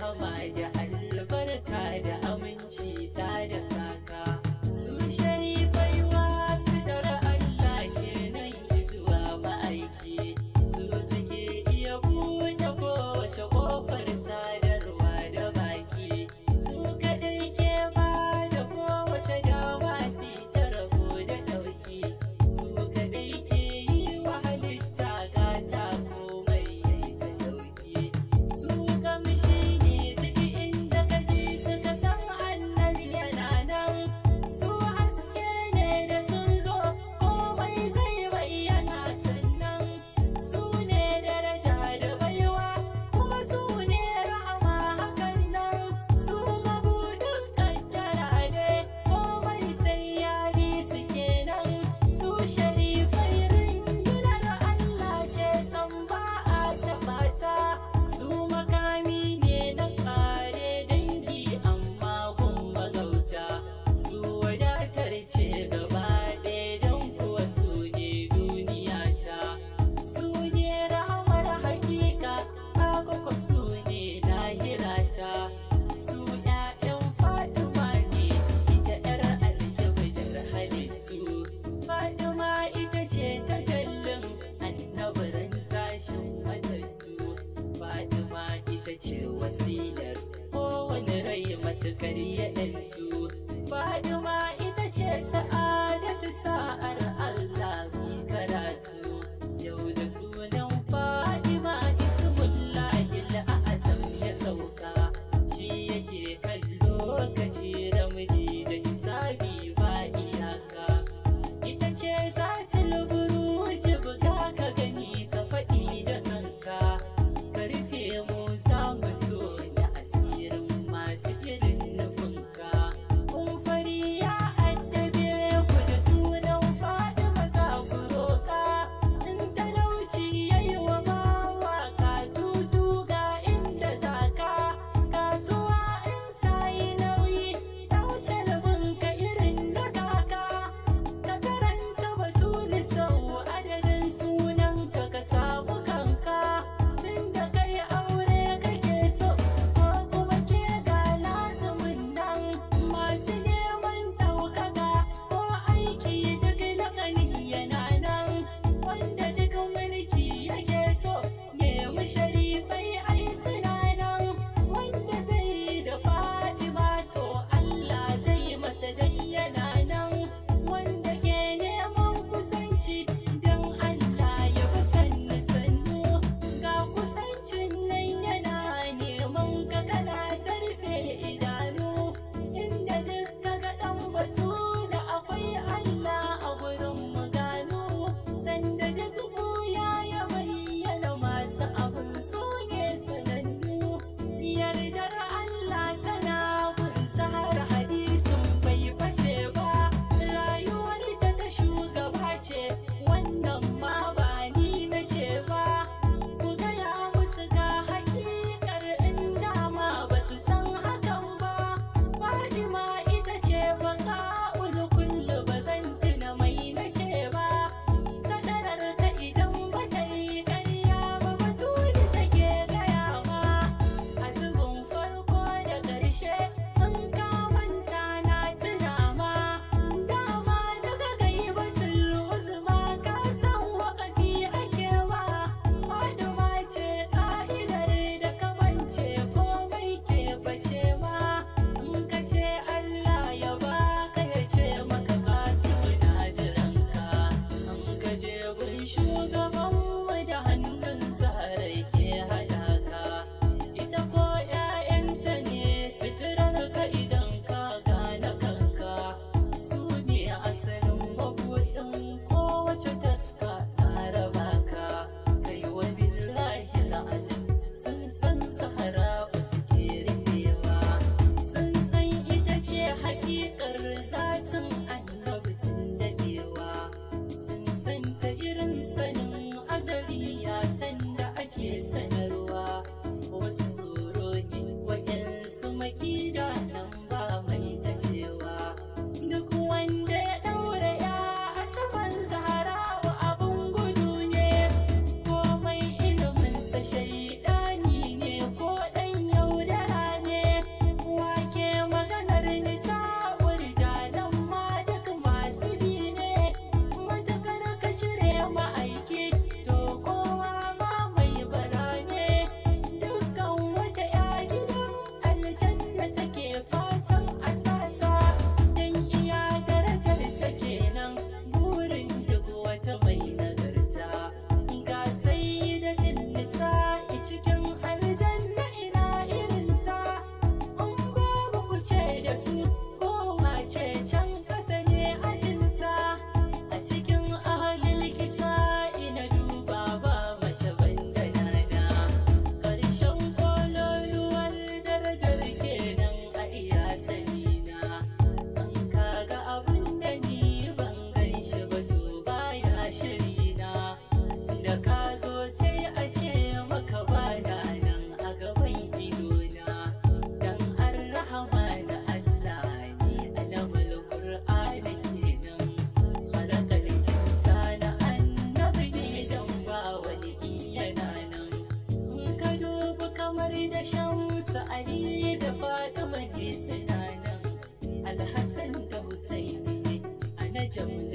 Bahawai. ƙaunar to sa'a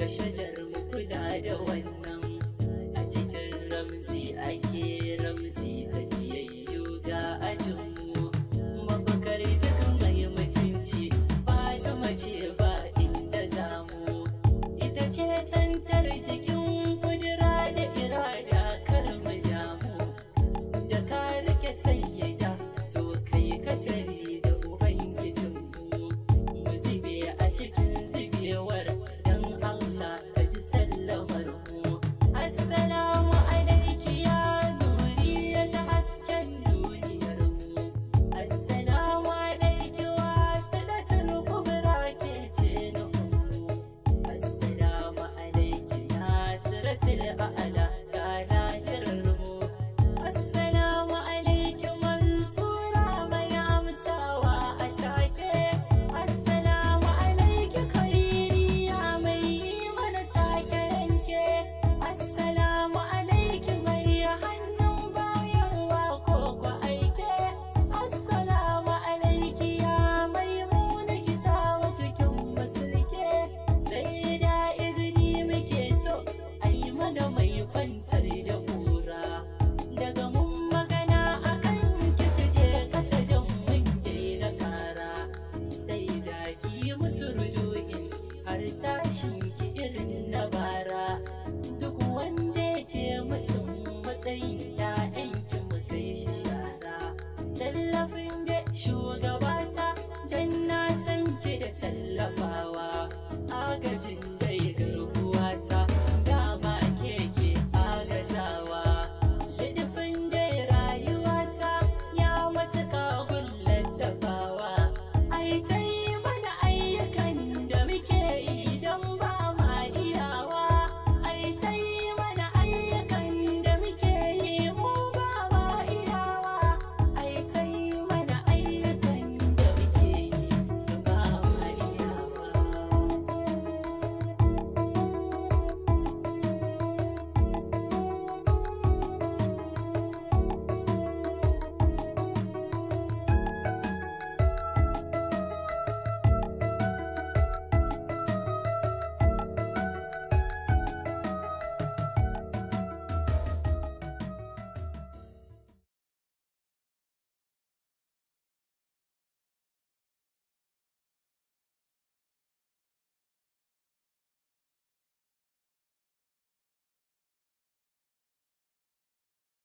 小姐。kafin ya shugaba